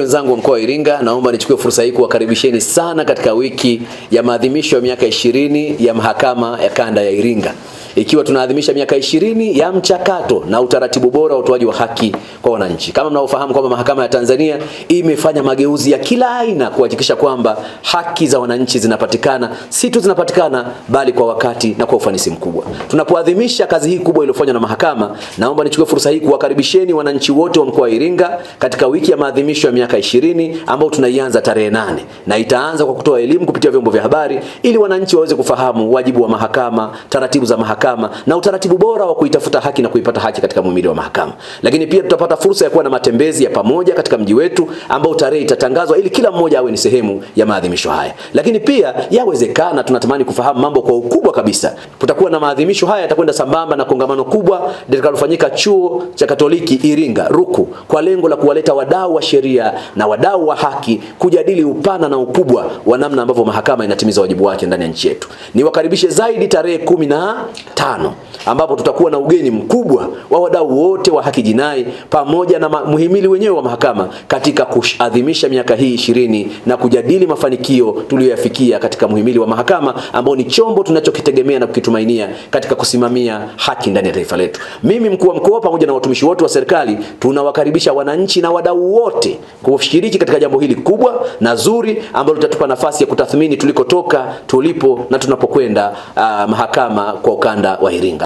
Wenzangu wa mkoa wa Iringa, naomba nichukue fursa hii kuwakaribisheni sana katika wiki ya maadhimisho ya miaka ishirini ya mahakama ya kanda ya Iringa, ikiwa tunaadhimisha miaka ishirini ya mchakato na utaratibu bora wa utoaji wa haki kwa wananchi. Kama mnaofahamu kwamba mahakama ya Tanzania imefanya mageuzi ya kila aina kuhakikisha kwamba haki za wananchi zinapatikana, si tu zinapatikana, bali kwa wakati na kwa ufanisi mkubwa. Tunapoadhimisha kazi hii kubwa iliyofanywa na mahakama, naomba nichukue fursa hii kuwakaribisheni wananchi wote wa mkoa wa Iringa katika wiki ya maadhimisho ya miaka 20 ambayo tunaianza tarehe nane na itaanza kwa kutoa elimu kupitia vyombo vya habari ili wananchi waweze kufahamu wajibu wa mahakama, taratibu za mahakama na utaratibu bora wa kuitafuta haki na kuipata haki katika muhimili wa mahakama. Lakini pia tutapata tutapata fursa ya kuwa na matembezi ya pamoja katika mji wetu ambao tarehe itatangazwa ili kila mmoja awe ni sehemu ya maadhimisho haya. Lakini pia yawezekana, tunatamani kufahamu mambo kwa ukubwa kabisa. Tutakuwa na maadhimisho haya yatakwenda sambamba na kongamano kubwa litakalofanyika chuo cha Katoliki Iringa Ruku, kwa lengo la kuwaleta wadau wa sheria na wadau wa haki kujadili upana na ukubwa wa namna ambavyo mahakama inatimiza wajibu wake ndani ya nchi yetu. Niwakaribishe zaidi tarehe kumi na tano ambapo tutakuwa na ugeni mkubwa wa wadau wote wa haki jinai pa pamoja na muhimili wenyewe wa mahakama katika kuadhimisha miaka hii ishirini na kujadili mafanikio tuliyoyafikia katika muhimili wa mahakama ambao ni chombo tunachokitegemea na kukitumainia katika kusimamia haki ndani ya taifa letu. Mimi mkuu wa mkoa pamoja na watumishi wote wa serikali tunawakaribisha wananchi na wadau wote kushiriki katika jambo hili kubwa na zuri ambalo litatupa nafasi ya kutathmini tulikotoka, tulipo na tunapokwenda uh, mahakama kwa ukanda wa Iringa.